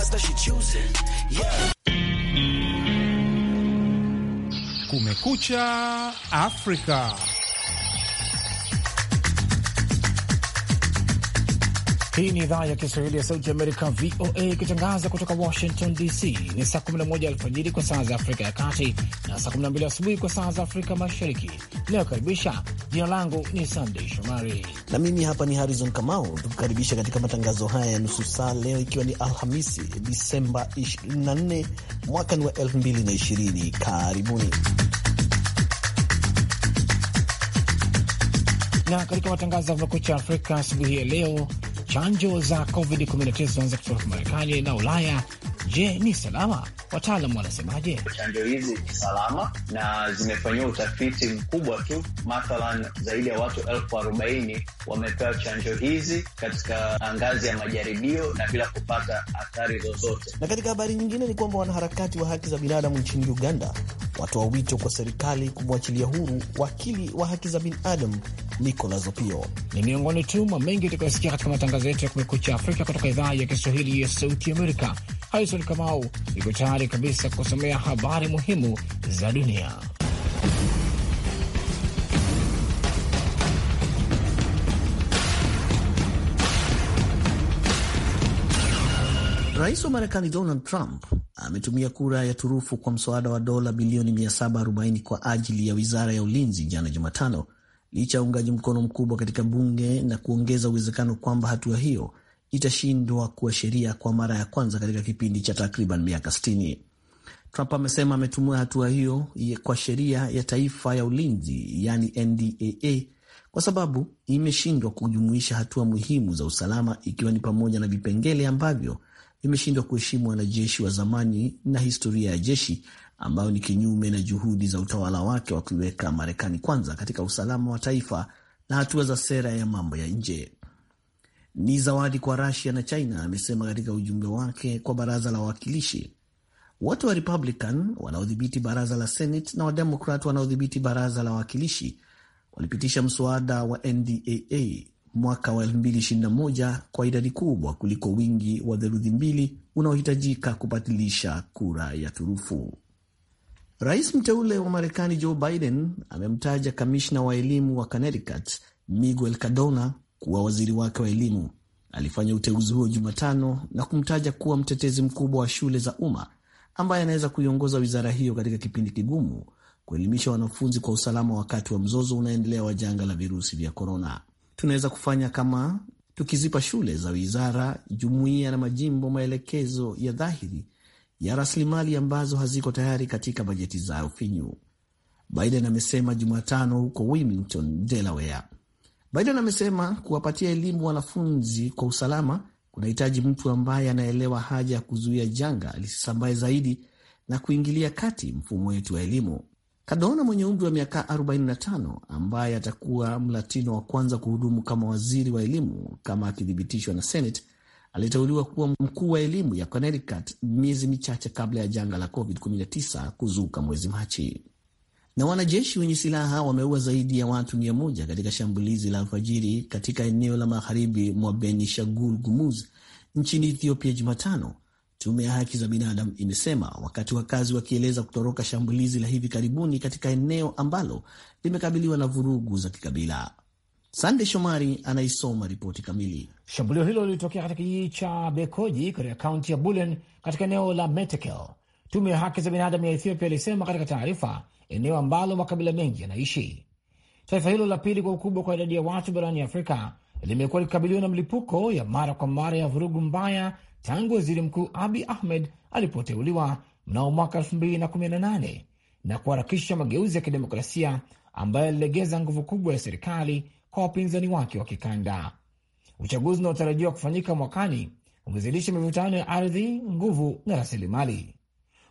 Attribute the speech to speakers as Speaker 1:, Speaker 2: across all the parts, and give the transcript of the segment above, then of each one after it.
Speaker 1: ones that she choosing.
Speaker 2: Yeah.
Speaker 3: Kumekucha Afrika. Hii ni idhaa ya Kiswahili ya Sauti ya Amerika, VOA, ikitangaza kutoka Washington DC. Ni saa 11 alfajiri kwa saa za Afrika ya Kati na saa 12 asubuhi kwa saa za Afrika Mashariki. Inayokaribisha, jina langu ni Sandei Shomari
Speaker 1: na mimi hapa ni Harrison Kamau, tukukaribisha katika matangazo haya ya nusu saa leo, ikiwa ni Alhamisi Disemba 24 mwaka ni wa 2020. Karibuni
Speaker 3: na katika matangazo ya Kumekucha Afrika asubuhi ya leo, chanjo za COVID-19 zinaanza kutoka Marekani na Ulaya Je, ni salama? wataalam wanasemaje? Chanjo
Speaker 4: hizi ni salama na zimefanyiwa utafiti mkubwa tu. Mathalan, zaidi ya watu elfu arobaini wamepewa chanjo hizi katika ngazi ya majaribio na bila kupata athari zozote.
Speaker 1: Na katika habari nyingine ni kwamba wanaharakati wa haki za binadamu nchini Uganda watoa wito kwa serikali kumwachilia huru wakili wa haki za binadamu
Speaker 3: Nicolas Opio. Ni miongoni tu mwa mengi utakayosikia katika matangazo yetu ya Kumekucha Afrika kutoka idhaa ya Kiswahili ya Sauti Amerika. Harison Kamau yuko tayari kabisa kusomea habari muhimu za dunia.
Speaker 1: Rais wa Marekani Donald Trump ametumia kura ya turufu kwa mswada wa dola bilioni 740 kwa ajili ya wizara ya ulinzi jana Jumatano, licha ya uungaji mkono mkubwa katika bunge na kuongeza uwezekano kwamba hatua hiyo itashindwa kuwa sheria kwa mara ya kwanza katika kipindi cha takriban miaka 60. Trump amesema ametumia hatua hiyo kwa sheria ya taifa ya ulinzi, yani NDAA, kwa sababu imeshindwa kujumuisha hatua muhimu za usalama, ikiwa ni pamoja na vipengele ambavyo vimeshindwa kuheshimu wanajeshi wa zamani na historia ya jeshi ambayo ni kinyume na juhudi za utawala wake wa kuiweka Marekani kwanza katika usalama wa taifa na hatua za sera ya mambo ya nje ni zawadi kwa rasia na China, amesema katika ujumbe wake kwa baraza la wawakilishi. Watu wa Republican wanaodhibiti baraza la Senate na Wademokrat wanaodhibiti baraza la wawakilishi walipitisha mswada wa NDAA mwaka wa 2021 kwa idadi kubwa kuliko wingi wa theluthi mbili unaohitajika kubatilisha kura ya turufu. Rais mteule wa Marekani Joe Biden amemtaja kamishna wa elimu wa Connecticut Miguel Cardona kuwa waziri wake wa elimu. Alifanya uteuzi huo Jumatano na kumtaja kuwa mtetezi mkubwa wa shule za umma ambaye anaweza kuiongoza wizara hiyo katika kipindi kigumu, kuelimisha wanafunzi kwa usalama wakati wa mzozo unaendelea wa janga la virusi vya korona. Tunaweza kufanya kama tukizipa shule za wizara, jumuiya na majimbo maelekezo ya dhahiri ya rasilimali ambazo haziko tayari katika bajeti zao finyu, Biden amesema Jumatano huko Wilmington, Delaware. Biden amesema kuwapatia elimu wanafunzi kwa usalama kunahitaji mtu ambaye anaelewa haja ya kuzuia janga lisisambae zaidi na kuingilia kati mfumo wetu wa elimu. Kadona mwenye umri wa miaka 45 ambaye atakuwa mlatino wa kwanza kuhudumu kama waziri wa elimu kama akithibitishwa na Senate aliteuliwa kuwa mkuu wa elimu ya Connecticut miezi michache kabla ya janga la COVID-19 kuzuka mwezi Machi na wanajeshi wenye silaha wameua zaidi ya watu mia moja katika shambulizi la alfajiri katika eneo la magharibi mwa Shagul Gumuz nchini Ethiopia Jumatano, tume ya haki za binadamu imesema, wakati wakazi wakieleza kutoroka shambulizi la hivi karibuni katika eneo ambalo limekabiliwa na vurugu za kikabila.
Speaker 3: Sande Shomari anaisoma ripoti kamili. Shambulio hilo lilitokea katika kijiji cha Bekoji katika kaunti ya Bulen katika eneo la Metekel. Tume ya haki za binadamu ya Ethiopia ilisema katika taarifa eneo ambalo makabila mengi yanaishi. Taifa hilo la pili kwa ukubwa kwa idadi ya watu barani Afrika limekuwa likikabiliwa na mlipuko ya mara kwa mara ya vurugu mbaya tangu waziri mkuu Abi Ahmed alipoteuliwa mnamo mwaka 2018 na kuharakisha mageuzi ya kidemokrasia ambayo yalilegeza nguvu kubwa ya serikali kwa wapinzani wake wa kikanda. Uchaguzi unaotarajiwa kufanyika mwakani umezidisha mivutano ya ardhi, nguvu na rasilimali.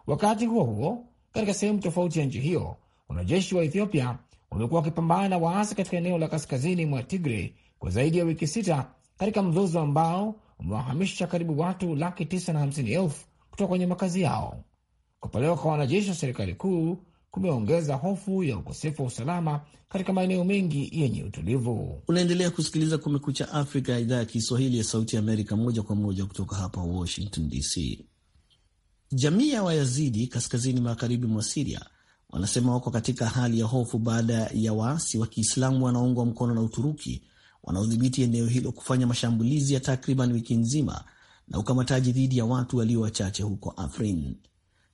Speaker 3: Wakati huo huo, katika sehemu tofauti ya nchi hiyo. Wanajeshi wa Ethiopia wamekuwa wakipambana na waasi katika eneo la kaskazini mwa Tigre kwa zaidi ya wiki sita katika mzozo ambao umewahamisha karibu watu laki tisa na hamsini elfu kutoka kwenye makazi yao. Kupelewa kwa wanajeshi wa serikali kuu kumeongeza hofu ya ukosefu wa usalama katika maeneo mengi yenye utulivu.
Speaker 1: Unaendelea kusikiliza Kumekucha Afrika ya idhaa ya Kiswahili ya Sauti ya Amerika, moja kwa moja kutoka hapa Washington DC. Jamii ya Wayazidi kaskazini magharibi mwa Siria wanasema wako katika hali ya hofu baada ya waasi wa Kiislamu wanaoungwa mkono na Uturuki wanaodhibiti eneo hilo kufanya mashambulizi ya takriban wiki nzima na ukamataji dhidi ya watu walio wachache huko Afrin.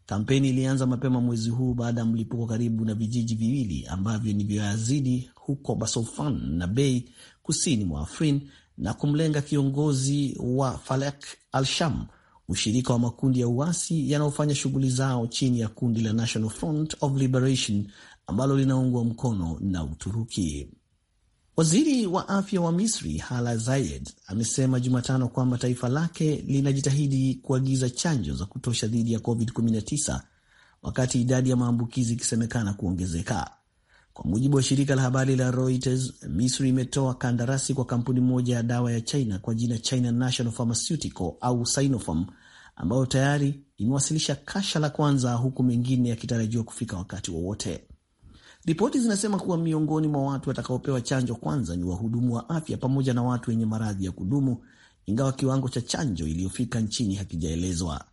Speaker 1: Kampeni ilianza mapema mwezi huu baada ya mlipuko karibu na vijiji viwili ambavyo ni vya Yazidi huko Basofan na Bei kusini mwa Afrin na kumlenga kiongozi wa Falek al-Sham ushirika wa makundi ya uasi yanayofanya shughuli zao chini ya kundi la National Front of Liberation ambalo linaungwa mkono na Uturuki. Waziri wa afya wa Misri Hala Zayed amesema Jumatano kwamba taifa lake linajitahidi kuagiza chanjo za kutosha dhidi ya COVID-19 wakati idadi ya maambukizi ikisemekana kuongezeka. Kwa mujibu wa shirika la habari la Reuters, Misri imetoa kandarasi kwa kampuni moja ya dawa ya China kwa jina China National Pharmaceutical au Sinopharm, ambayo tayari imewasilisha kasha la kwanza, huku mengine yakitarajiwa kufika wakati wowote. Ripoti zinasema kuwa miongoni mwa watu watakaopewa chanjo kwanza ni wahudumu wa afya pamoja na watu wenye maradhi ya kudumu, ingawa kiwango cha chanjo iliyofika nchini hakijaelezwa.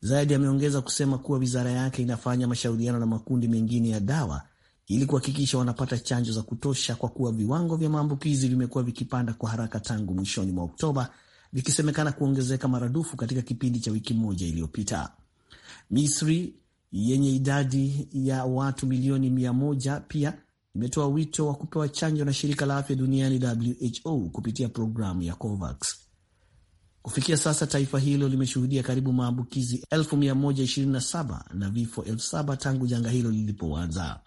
Speaker 1: Zaidi ameongeza kusema kuwa wizara yake inafanya mashauriano na makundi mengine ya dawa ili kuhakikisha wanapata chanjo za kutosha, kwa kuwa viwango vya maambukizi vimekuwa vikipanda kwa haraka tangu mwishoni mwa Oktoba, vikisemekana kuongezeka maradufu katika kipindi cha wiki moja iliyopita. Misri yenye idadi ya watu milioni mia moja pia imetoa wito wa kupewa chanjo na shirika la afya duniani WHO kupitia programu ya COVAX. Kufikia sasa taifa hilo limeshuhudia karibu maambukizi 127 na vifo 7 tangu janga hilo lilipoanza.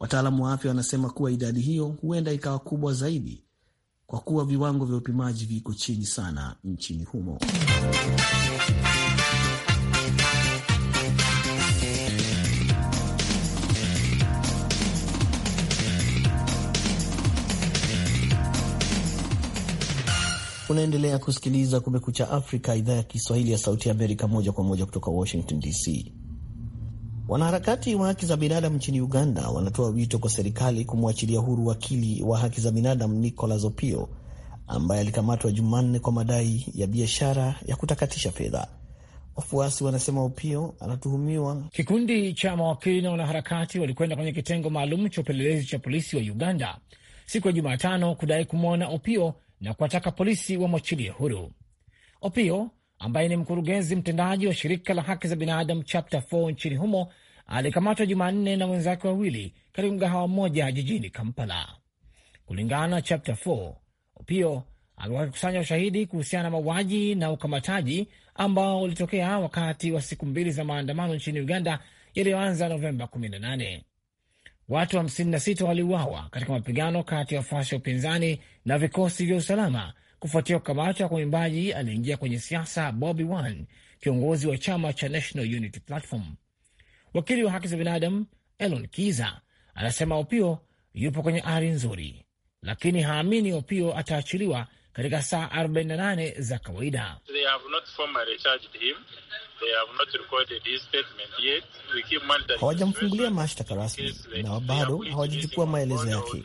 Speaker 1: Wataalamu wa afya wanasema kuwa idadi hiyo huenda ikawa kubwa zaidi kwa kuwa viwango vya upimaji viko chini sana nchini humo. Unaendelea kusikiliza Kumekucha Afrika, idhaa ya Kiswahili ya Sauti ya Amerika, moja kwa moja kutoka Washington DC. Wanaharakati wa haki za binadamu nchini Uganda wanatoa wito kwa serikali kumwachilia huru wakili wa haki za binadamu Nicolas Opio ambaye alikamatwa Jumanne kwa madai ya biashara ya kutakatisha
Speaker 3: fedha. Wafuasi wanasema Opio anatuhumiwa. Kikundi cha mawakili na wanaharakati walikwenda kwenye kitengo maalum cha upelelezi cha polisi wa Uganda siku ya Jumatano kudai kumwona Opio na kuwataka polisi wamwachilie huru. Opio ambaye ni mkurugenzi mtendaji wa shirika la haki za binadamu Chapter 4 nchini humo alikamatwa Jumanne na wenzake wawili katika mgahawa mmoja jijini Kampala. Kulingana na Chapter 4, Opio alikuwa akikusanya ushahidi kuhusiana na mauaji na ukamataji ambao ulitokea wakati wa siku mbili za maandamano nchini Uganda yaliyoanza Novemba 18. Watu 56 wa waliuawa katika mapigano kati ya wafuasi wa upinzani na vikosi vya usalama kufuatia kukamatwa kwa mwimbaji aliyeingia kwenye siasa Bobi Wine, kiongozi wa chama cha National Unity Platform. Wakili wa haki za binadamu Elon Kiza anasema Opio yupo kwenye ari nzuri, lakini haamini Opio ataachiliwa katika saa 48 za kawaida. They have not Hawajamfungulia
Speaker 1: mashtaka rasmi na bado hawajachukua maelezo yake.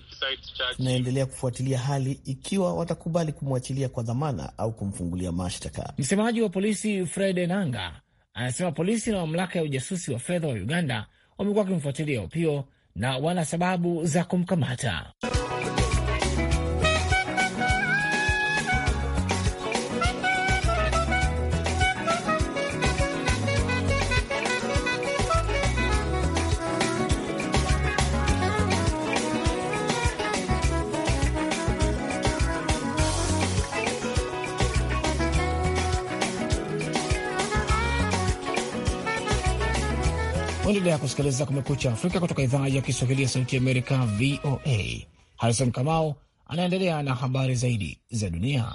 Speaker 1: Tunaendelea kufuatilia hali ikiwa watakubali kumwachilia kwa dhamana au kumfungulia mashtaka.
Speaker 3: Msemaji wa polisi Fred Enanga anasema polisi na mamlaka ya ujasusi wa fedha wa Uganda wamekuwa wakimfuatilia Opio na wana sababu za kumkamata. Mnaendelea kusikiliza Kumekucha Afrika kutoka idhaa ya Kiswahili ya Sauti Amerika, VOA. Harison Kamau anaendelea na habari zaidi za dunia.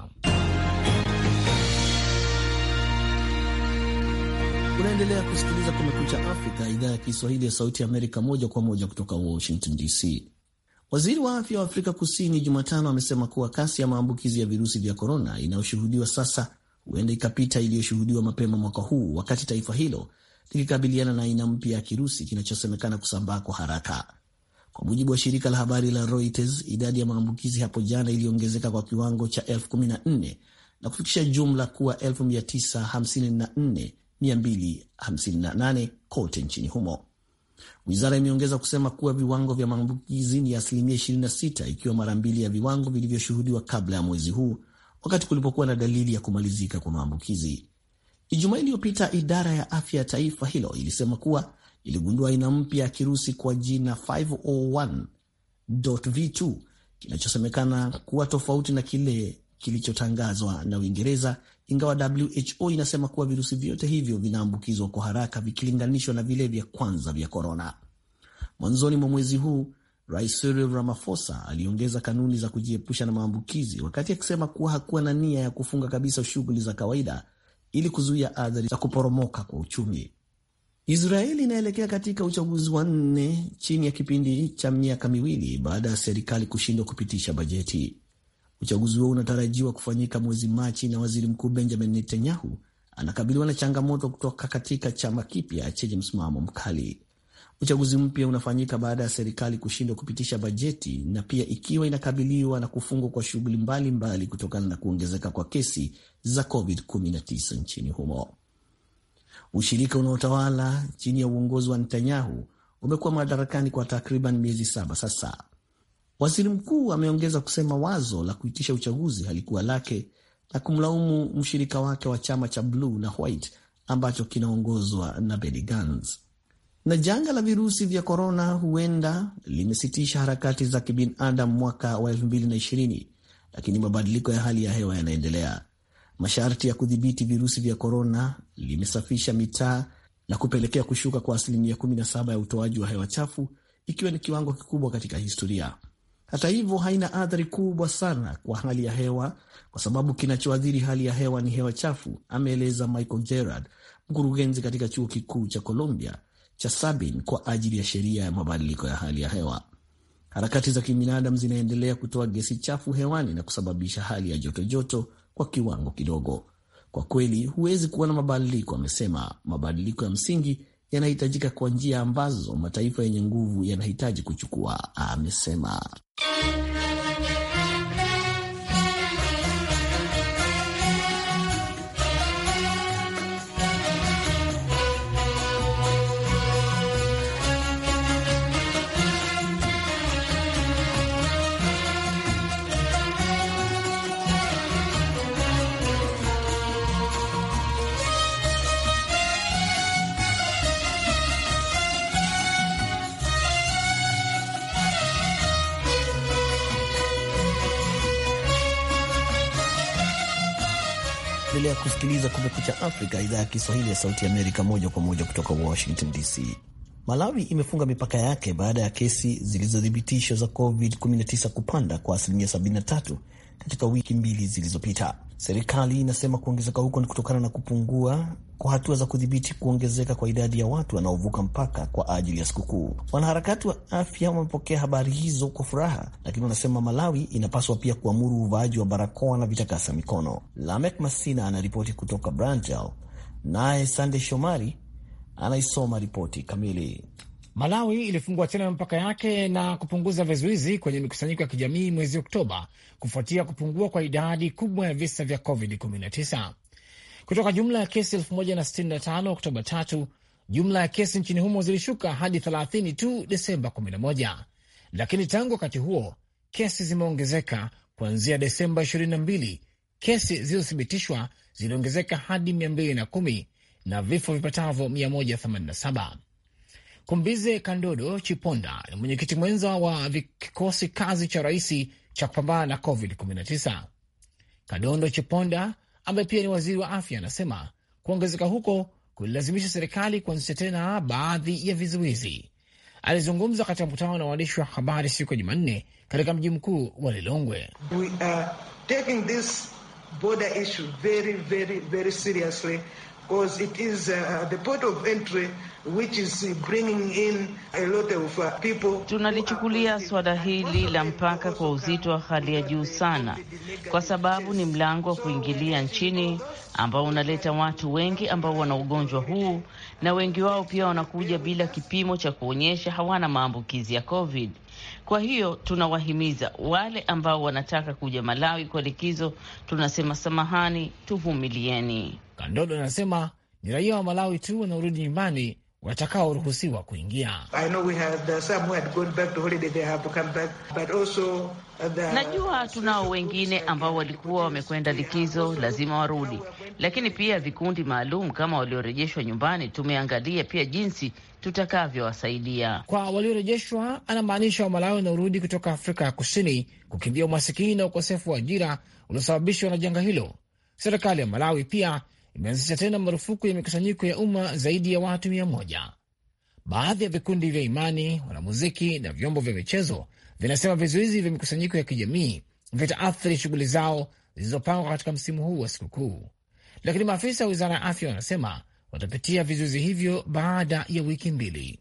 Speaker 1: Unaendelea kusikiliza Kumekucha Afrika, idhaa ya Kiswahili ya Sauti Amerika, moja kwa moja kutoka Washington DC. Waziri wa afya wa Afrika Kusini Jumatano amesema kuwa kasi ya maambukizi ya virusi vya korona inayoshuhudiwa sasa huenda ikapita iliyoshuhudiwa mapema mwaka huu, wakati taifa hilo ikikabiliana na aina mpya ya kirusi kinachosemekana kusambaa kwa haraka. Kwa mujibu wa shirika la habari la Reuters, idadi ya maambukizi hapo jana iliongezeka kwa kiwango cha elfu kumi na nne na kufikisha jumla kuwa 954,258 kote nchini humo. Wizara imeongeza kusema kuwa viwango vya maambukizi ni asilimia 26, ikiwa mara mbili ya viwango vilivyoshuhudiwa kabla ya mwezi huu, wakati kulipokuwa na dalili ya kumalizika kwa maambukizi. Ijumaa iliyopita idara ya afya ya taifa hilo ilisema kuwa iligundua aina mpya ya kirusi kwa jina 501.v2 kinachosemekana kuwa tofauti na kile kilichotangazwa na Uingereza, ingawa WHO inasema kuwa virusi vyote hivyo vinaambukizwa kwa haraka vikilinganishwa na vile vya kwanza vya korona. Mwanzoni mwa mwezi huu Rais Cyril Ramaphosa aliongeza kanuni za kujiepusha na maambukizi, wakati akisema kuwa hakuwa na nia ya kufunga kabisa shughuli za kawaida ili kuzuia athari za kuporomoka kwa uchumi. Israeli inaelekea katika uchaguzi wa nne chini ya kipindi cha miaka miwili baada ya serikali kushindwa kupitisha bajeti. Uchaguzi huo unatarajiwa kufanyika mwezi Machi na waziri mkuu Benjamin Netanyahu anakabiliwa na changamoto kutoka katika chama kipya chenye msimamo mkali. Uchaguzi mpya unafanyika baada ya serikali kushindwa kupitisha bajeti na pia ikiwa inakabiliwa na kufungwa kwa shughuli mbalimbali kutokana na kuongezeka kwa kesi za COVID-19 nchini humo. Ushirika unaotawala chini ya uongozi wa Netanyahu umekuwa madarakani kwa takriban miezi saba sasa. Waziri mkuu ameongeza kusema wazo la kuitisha uchaguzi halikuwa lake na kumlaumu mshirika wake wa chama cha Blue na White ambacho kinaongozwa na Benny Gantz. Na janga la virusi vya korona huenda limesitisha harakati za kibinadamu mwaka wa 2020 lakini mabadiliko ya hali ya hewa yanaendelea. Masharti ya kudhibiti virusi vya korona limesafisha mitaa na kupelekea kushuka kwa asilimia 17 ya utoaji wa hewa chafu, ikiwa ni kiwango kikubwa katika historia. Hata hivyo, haina athari kubwa sana kwa hali ya hewa, kwa sababu kinachoathiri hali ya hewa ni hewa chafu, ameeleza Michael Gerard, mkurugenzi katika chuo kikuu cha Columbia cha Sabin kwa ajili ya sheria ya mabadiliko ya hali ya hewa. Harakati za kibinadamu zinaendelea kutoa gesi chafu hewani na kusababisha hali ya jotojoto joto kwa kiwango kidogo. Kwa kweli huwezi kuona mabadiliko, amesema. Mabadiliko ya msingi yanahitajika kwa njia ambazo mataifa yenye nguvu yanahitaji kuchukua, amesema. kusikiliza Kumekucha Afrika, idhaa ya Kiswahili ya Sauti Amerika, moja kwa moja kutoka Washington DC. Malawi imefunga mipaka yake baada ya kesi zilizothibitishwa za COVID-19 kupanda kwa asilimia 73 katika wiki mbili zilizopita. Serikali inasema kuongezeka huko ni kutokana na kupungua kwa hatua za kudhibiti kuongezeka kwa idadi ya watu wanaovuka mpaka kwa ajili ya sikukuu. Wanaharakati wa afya wamepokea habari hizo kwa furaha, lakini wanasema Malawi inapaswa pia kuamuru uvaaji wa barakoa na vitakasa mikono. Lamek Masina anaripoti kutoka Brantel,
Speaker 3: naye Sande Shomari anaisoma ripoti kamili. Malawi ilifungua tena mipaka yake na kupunguza vizuizi kwenye mikusanyiko ya kijamii mwezi Oktoba kufuatia kupungua kwa idadi kubwa ya visa vya COVID-19 kutoka jumla ya kesi 1065 Oktoba 3. Jumla ya kesi nchini humo zilishuka hadi 30 tu Desemba 11, lakini tangu wakati huo kesi zimeongezeka. Kuanzia Desemba 22, kesi zilizothibitishwa ziliongezeka hadi 210 na vifo vipatavyo 187. Kumbize Kandodo Chiponda ni mwenyekiti mwenza wa kikosi kazi cha rais cha kupambana na COVID-19. Kandodo Chiponda ambaye pia ni waziri wa afya anasema kuongezeka huko kulilazimisha serikali kuanzisha tena baadhi ya vizuizi. Alizungumza katika mkutano na waandishi wa habari siku ya Jumanne katika mji mkuu wa Lilongwe.
Speaker 1: We are taking this border issue very, very, very seriously because it is uh, the port of entry which is bringing in a lot of uh, people.
Speaker 5: Tunalichukulia suala hili la mpaka kwa uzito wa hali ya juu sana, kwa sababu ni mlango wa kuingilia nchini ambao unaleta watu wengi ambao wana ugonjwa huu, na wengi wao pia wanakuja bila kipimo cha kuonyesha hawana maambukizi ya COVID. Kwa hiyo tunawahimiza wale ambao wanataka kuja Malawi kwa likizo, tunasema samahani, tuvumilieni.
Speaker 3: Kandodo anasema ni raia wa Malawi tu wanaorudi nyumbani watakaoruhusiwa kuingia.
Speaker 1: Uh, uh, Najua
Speaker 5: tunao wengine ambao walikuwa wamekwenda likizo, lazima warudi, lakini pia vikundi maalum kama waliorejeshwa nyumbani, tumeangalia pia jinsi tutakavyowasaidia.
Speaker 3: Kwa waliorejeshwa, anamaanisha Wamalawi wanaorudi kutoka Afrika ya Kusini kukimbia umasikini na ukosefu wa ajira uliosababishwa na janga hilo. Serikali ya Malawi pia imeanzisha tena marufuku ya mikusanyiko ya umma zaidi ya watu mia moja. Baadhi ya vikundi vya imani, wanamuziki na vyombo vya michezo vinasema vizuizi vya mikusanyiko ya kijamii vitaathiri shughuli zao zilizopangwa katika msimu huu wa sikukuu, lakini maafisa wa wizara ya afya wanasema watapitia vizuizi hivyo baada ya wiki mbili.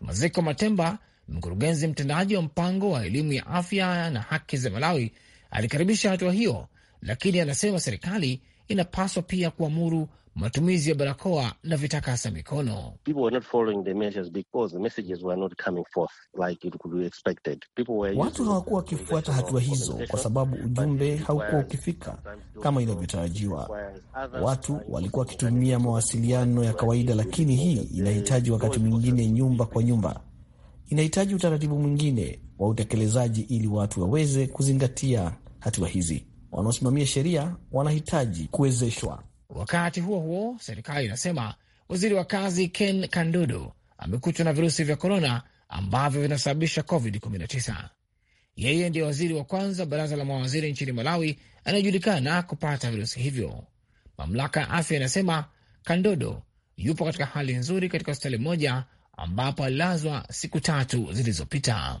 Speaker 3: Maziko Matemba, mkurugenzi mtendaji wa mpango wa elimu ya afya na haki za Malawi, alikaribisha hatua hiyo, lakini anasema serikali inapaswa pia kuamuru matumizi ya barakoa na vitakasa mikono. Watu hawakuwa wakifuata hatua hizo kwa sababu
Speaker 1: ujumbe haukuwa ukifika kama inavyotarajiwa. Watu walikuwa wakitumia mawasiliano ya kawaida, lakini hii inahitaji wakati mwingine, nyumba kwa nyumba, inahitaji utaratibu mwingine wa utekelezaji ili watu waweze kuzingatia
Speaker 3: hatua hizi
Speaker 1: wanaosimamia sheria wanahitaji kuwezeshwa.
Speaker 3: Wakati huo huo, serikali inasema waziri wa kazi Ken Kandudu amekutwa na virusi vya korona ambavyo vinasababisha COVID-19. Yeye ndiye waziri wa kwanza baraza la mawaziri nchini Malawi anayejulikana kupata virusi hivyo. Mamlaka ya afya inasema Kandodo yupo katika hali nzuri katika hospitali moja ambapo alilazwa siku tatu zilizopita.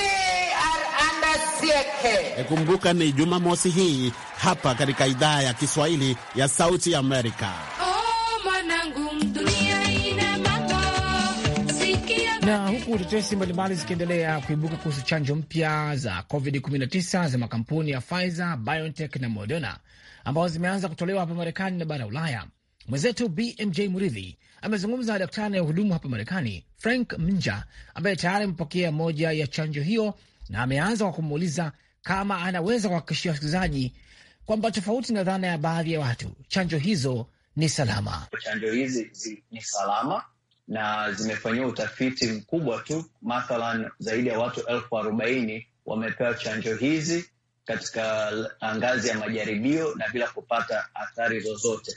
Speaker 3: Kasieke.
Speaker 2: Kumbuka ni Jumamosi hii hapa katika idhaa ya Kiswahili ya Sauti
Speaker 3: Amerika. Na huku tetesi mbalimbali zikiendelea kuibuka kuhusu chanjo mpya za COVID-19 za makampuni ya Pfizer, BioNTech na Moderna ambazo zimeanza kutolewa hapa Marekani na bara Ulaya. Mwenzetu BMJ Muridhi amezungumza na daktari anayehudumu hapa Marekani, Frank Mnja, ambaye tayari amepokea moja ya chanjo hiyo na ameanza kwa kumuuliza kama anaweza kuhakikishia wasikilizaji kwamba tofauti na dhana ya baadhi ya watu, chanjo hizo ni salama.
Speaker 4: Chanjo hizi ni salama na zimefanyiwa utafiti mkubwa tu. Mathalan, zaidi ya watu elfu arobaini wamepewa chanjo hizi katika ngazi ya majaribio na bila kupata athari zozote,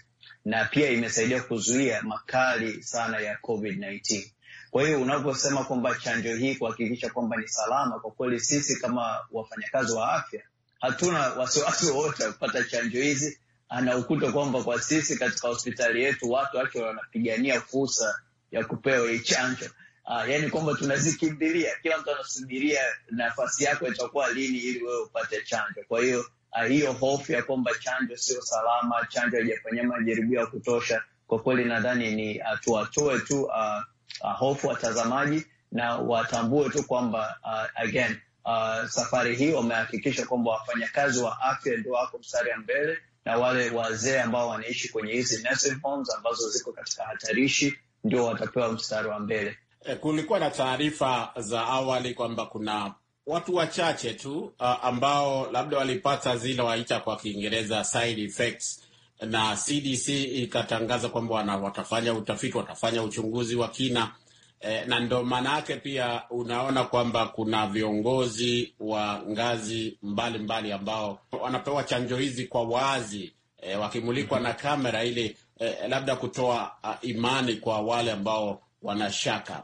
Speaker 4: na pia imesaidia kuzuia makali sana ya COVID-19. Kwa hiyo unaposema kwamba chanjo hii kuhakikisha kwamba ni salama, kwa kweli sisi kama wafanyakazi wa afya hatuna wasiwasi wowote wa kupata chanjo hizi, na kwamba kwa sisi katika hospitali yetu watu wake wanapigania fursa ya kupewa hii chanjo uh, ah, yani kwamba tunazikimbilia, kila mtu anasubiria nafasi yako itakuwa lini ili wewe upate chanjo. Kwa hiyo uh, hiyo hofu ya kwamba chanjo sio salama, chanjo haijafanyia majaribio ya kutosha, kwa kweli nadhani ni uh, tu uh, uh, hofu watazamaji na watambue tu kwamba uh, again uh, safari hii wamehakikisha kwamba wafanyakazi wa afya ndio wako mstari ya mbele na wale wazee ambao wanaishi kwenye hizi nursing homes ambazo ziko katika hatarishi ndio watapewa mstari wa mbele. E,
Speaker 2: kulikuwa na taarifa za awali kwamba kuna watu wachache tu uh, ambao labda walipata zile waita kwa Kiingereza side effects na CDC ikatangaza kwamba watafanya utafiti, watafanya uchunguzi wa kina e, na ndo maana yake pia unaona kwamba kuna viongozi wa ngazi mbalimbali mbali ambao wanapewa chanjo hizi kwa wazi e, wakimulikwa na kamera ili e, labda kutoa a, imani kwa wale ambao wanashaka.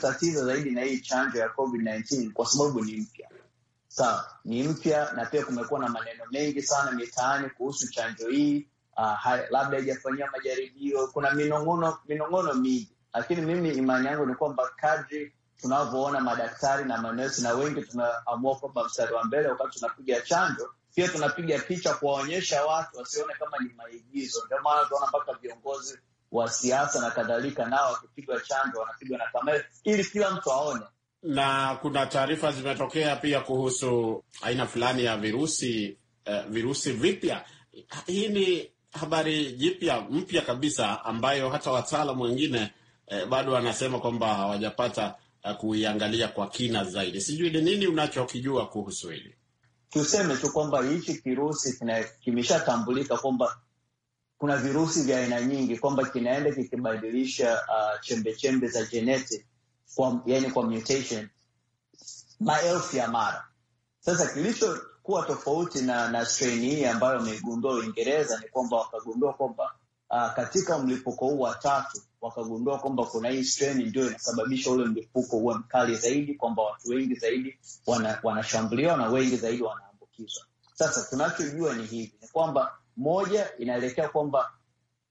Speaker 4: tatizo zaidi na hii chanjo ya COVID-19 kwa sababu ni mpya sawa, ni mpya, na pia kumekuwa na maneno mengi sana mitaani kuhusu chanjo hii. Uh, labda haijafanyiwa majaribio, kuna minong'ono minong'ono mingi, lakini mimi imani yangu ni kwamba kadri tunavyoona madaktari na manesi na wengi tunaamua kwamba mstari wa mbele wakati tunapiga chanjo, pia tunapiga picha kuwaonyesha watu wasione kama ni maigizo. Ndio maana tunaona mpaka viongozi wa siasa na kadhalika nao wakipigwa chanjo wanapigwa na kamera ili kila mtu aone
Speaker 2: na kuna taarifa zimetokea pia kuhusu aina fulani ya virusi uh, virusi vipya. Hii ni habari jipya mpya kabisa ambayo hata wataalamu wengine uh, bado wanasema kwamba hawajapata uh, kuiangalia kwa kina zaidi. Sijui ni nini unachokijua kuhusu hili.
Speaker 4: Tuseme tu kwamba hichi kirusi kimeshatambulika kwamba kuna virusi vya aina nyingi, kwamba kinaenda kikibadilisha uh, ah, chembe chembe za jeneti kwa, yani kwa mutation maelfu ya mara. Sasa kilichokuwa tofauti na, na strain hii ambayo wameigundua Uingereza ni kwamba wakagundua kwamba uh, katika mlipuko huu wa tatu wakagundua kwamba kuna hii strain ndio inasababisha ule mlipuko huwe mkali zaidi, kwamba watu wengi zaidi wanashambuliwa wana na wengi zaidi wanaambukizwa. Sasa tunachojua ni hivi ni kwamba moja, inaelekea kwamba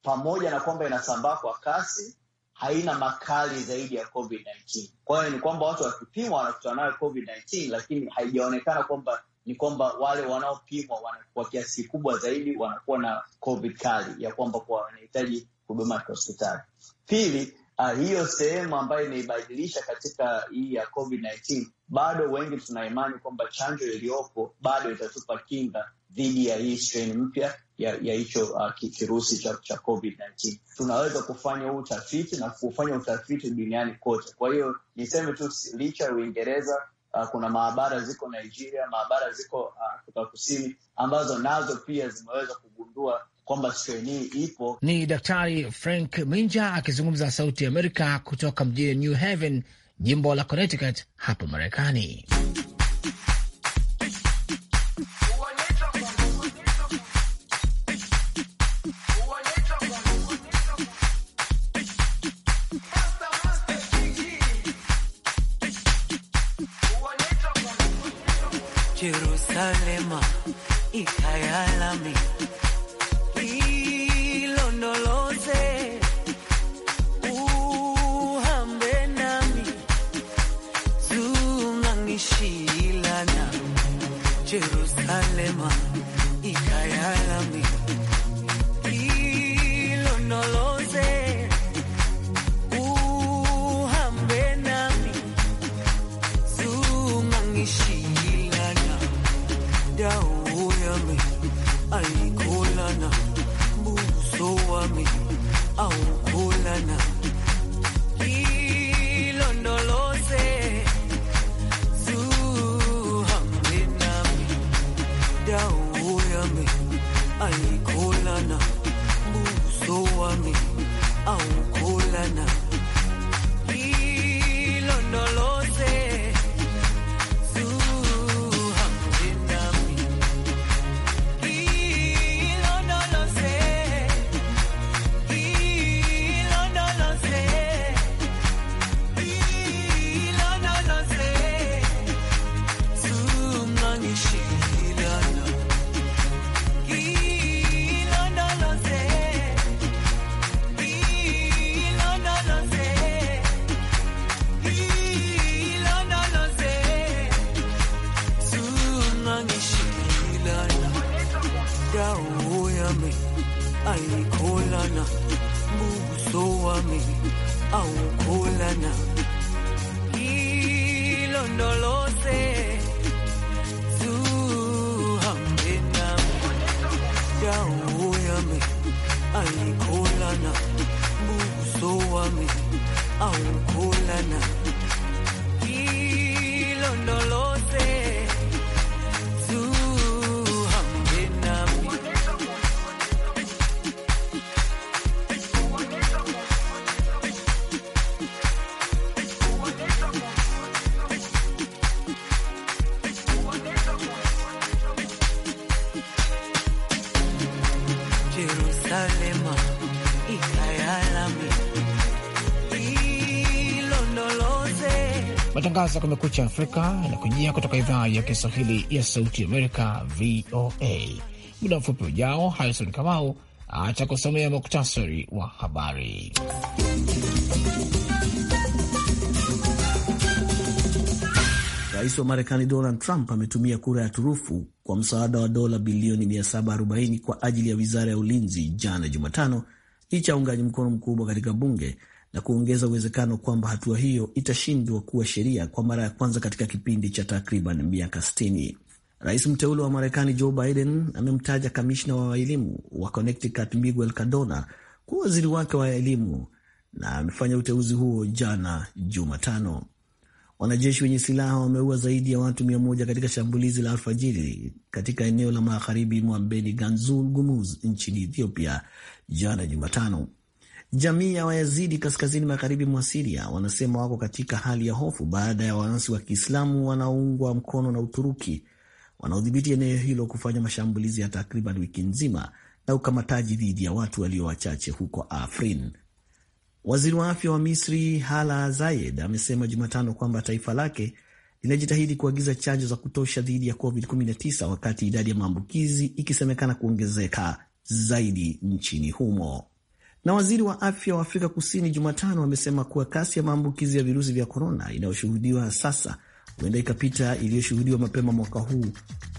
Speaker 4: pamoja na kwamba inasambaa kwa kasi haina makali zaidi ya COVID-19. Kwa hiyo ni kwamba watu wakipimwa wanakutana nayo COVID-19, lakini haijaonekana kwamba ni kwamba wale wanaopimwa kwa kiasi kikubwa zaidi wanakuwa na COVID kali ya kwamba kwa wanahitaji huduma ya hospitali. Pili, uh, hiyo sehemu ambayo imeibadilisha katika hii ya COVID-19, bado wengi tunaimani kwamba chanjo iliyopo bado itatupa kinga dhidi ya hii strain mpya ya hicho uh, kirusi cha, cha COVID-19. Tunaweza kufanya huu utafiti na kufanya utafiti duniani kote. Kwa hiyo niseme tu, licha ya Uingereza uh, kuna maabara ziko Nigeria, maabara ziko uh, Afrika Kusini ambazo nazo pia zimeweza kugundua kwamba strain hii
Speaker 3: ipo. Ni Daktari Frank Minja akizungumza Sauti ya Amerika kutoka mjini New Haven, jimbo la Connecticut hapa Marekani. Matangazo ya Kumekucha Afrika yanakujia kutoka idhaa ya Kiswahili ya Sauti Amerika, VOA. Muda mfupi ujao, Harison Kamau atakusomea muktasari wa habari.
Speaker 1: Rais wa Marekani Donald Trump ametumia kura ya turufu kwa msaada wa dola bilioni 740 kwa ajili ya wizara ya ulinzi jana Jumatano, licha ya uungaji mkono mkubwa katika bunge na kuongeza uwezekano kwamba hatua hiyo itashindwa kuwa sheria kwa mara ya kwanza katika kipindi cha takriban miaka 60. Rais mteule wa Marekani Joe Biden amemtaja kamishna wa elimu wa Connecticut Miguel Cardona kuwa waziri wake wa elimu na amefanya uteuzi huo jana Jumatano. Wanajeshi wenye silaha wameua zaidi ya watu mia moja katika shambulizi la alfajiri katika eneo la magharibi mwa Beni Ganzul Gumuz nchini Ethiopia jana Jumatano. Jamii ya Wayazidi kaskazini magharibi mwa Siria wanasema wako katika hali ya hofu baada ya waasi wa Kiislamu wanaoungwa mkono na Uturuki wanaodhibiti eneo hilo kufanya mashambulizi ya takriban wiki nzima na ukamataji dhidi ya watu walio wachache huko Afrin. Waziri wa afya wa Misri Hala Zayed amesema Jumatano kwamba taifa lake linajitahidi kuagiza chanjo za kutosha dhidi ya COVID-19 wakati idadi ya maambukizi ikisemekana kuongezeka zaidi nchini humo na waziri wa afya wa Afrika Kusini Jumatano amesema kuwa kasi ya maambukizi ya virusi vya korona inayoshuhudiwa sasa huenda ikapita iliyoshuhudiwa mapema mwaka huu,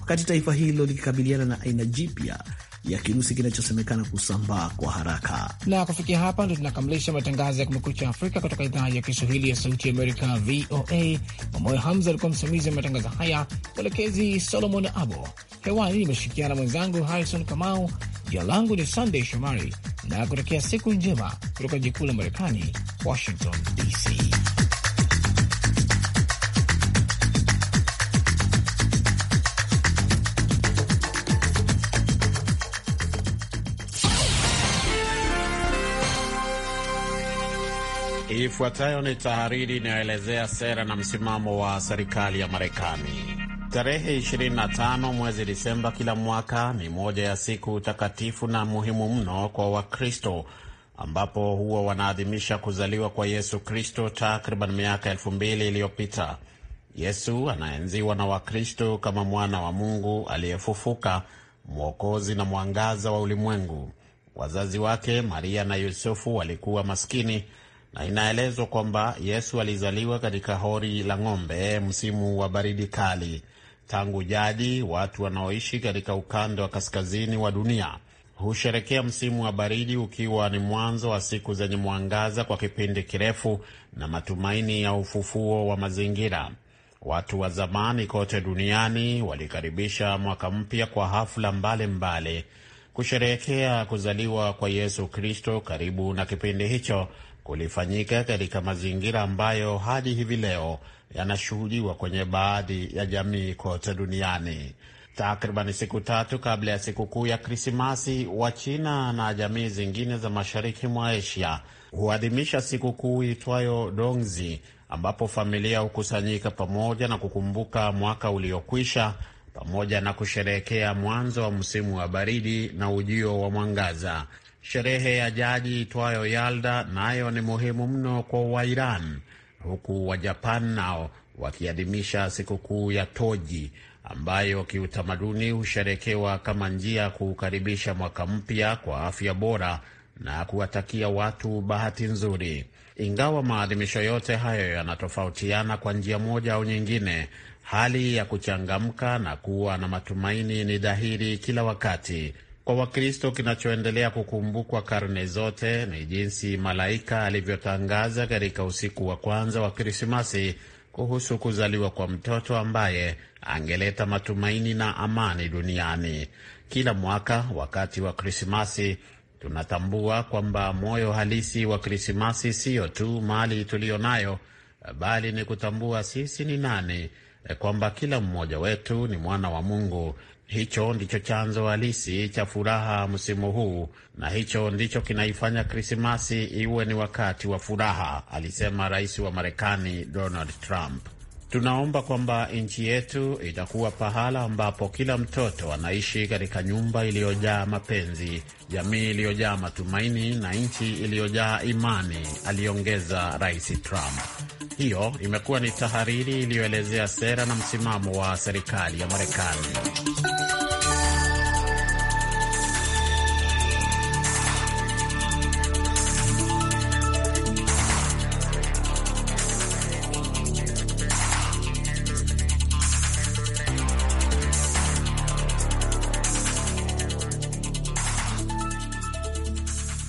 Speaker 1: wakati taifa hilo likikabiliana na aina jipya ya kirusi kinachosemekana kusambaa kwa
Speaker 3: haraka. Na kufikia hapa ndo tunakamilisha matangazo ya Kumekucha Afrika kutoka idhaa ya Kiswahili ya Sauti ya Amerika, VOA. Mamoyo Hamza alikuwa msimamizi wa matangazo haya, mwelekezi Solomon Abo. Hewani nimeshirikiana mwenzangu Harrison Kamau. Jina langu ni sandey Shomari na kutokea siku njema kutoka jikuu la Marekani, Washington DC.
Speaker 2: Ifuatayo ni tahariri inayoelezea sera na msimamo wa serikali ya Marekani. Tarehe 25 mwezi Disemba kila mwaka ni moja ya siku takatifu na muhimu mno kwa Wakristo, ambapo huwa wanaadhimisha kuzaliwa kwa Yesu Kristo takriban miaka elfu mbili iliyopita. Yesu anaenziwa na Wakristo kama mwana wa Mungu aliyefufuka, mwokozi na mwangaza wa ulimwengu. Wazazi wake Maria na Yusufu walikuwa maskini na inaelezwa kwamba Yesu alizaliwa katika hori la ng'ombe msimu wa baridi kali. Tangu jadi, watu wanaoishi katika ukanda wa kaskazini wa dunia husherekea msimu wa baridi ukiwa ni mwanzo wa siku zenye mwangaza kwa kipindi kirefu na matumaini ya ufufuo wa mazingira. Watu wa zamani kote duniani walikaribisha mwaka mpya kwa hafla mbalimbali. Kusherehekea kuzaliwa kwa Yesu Kristo karibu na kipindi hicho kulifanyika katika mazingira ambayo hadi hivi leo yanashuhudiwa kwenye baadhi ya jamii kote duniani. Takriban siku tatu kabla ya sikukuu ya Krismasi, Wachina na jamii zingine za mashariki mwa Asia huadhimisha sikukuu itwayo Dongzi, ambapo familia hukusanyika pamoja na kukumbuka mwaka uliokwisha pamoja na kusherehekea mwanzo wa msimu wa baridi na ujio wa mwangaza. Sherehe ya jaji itwayo Yalda nayo ni muhimu mno kwa Wairan, huku Wajapan nao wakiadhimisha sikukuu ya Toji ambayo kiutamaduni husherekewa kama njia ya kuukaribisha mwaka mpya kwa afya bora na kuwatakia watu bahati nzuri. Ingawa maadhimisho yote hayo yanatofautiana kwa njia moja au nyingine, hali ya kuchangamka na kuwa na matumaini ni dhahiri kila wakati. Kwa Wakristo, kinachoendelea kukumbukwa karne zote ni jinsi malaika alivyotangaza katika usiku wa kwanza wa Krismasi kuhusu kuzaliwa kwa mtoto ambaye angeleta matumaini na amani duniani. Kila mwaka wakati wa Krismasi tunatambua kwamba moyo halisi wa Krismasi siyo tu mali tuliyo nayo, bali ni kutambua sisi ni nani Eh, kwamba kila mmoja wetu ni mwana wa Mungu. Hicho ndicho chanzo halisi cha furaha msimu huu, na hicho ndicho kinaifanya Krismasi iwe ni wakati wa furaha, alisema rais wa Marekani Donald Trump. Tunaomba kwamba nchi yetu itakuwa pahala ambapo kila mtoto anaishi katika nyumba iliyojaa mapenzi, jamii iliyojaa matumaini na nchi iliyojaa imani, aliongeza Rais Trump. Hiyo imekuwa ni tahariri iliyoelezea sera na msimamo wa serikali ya Marekani.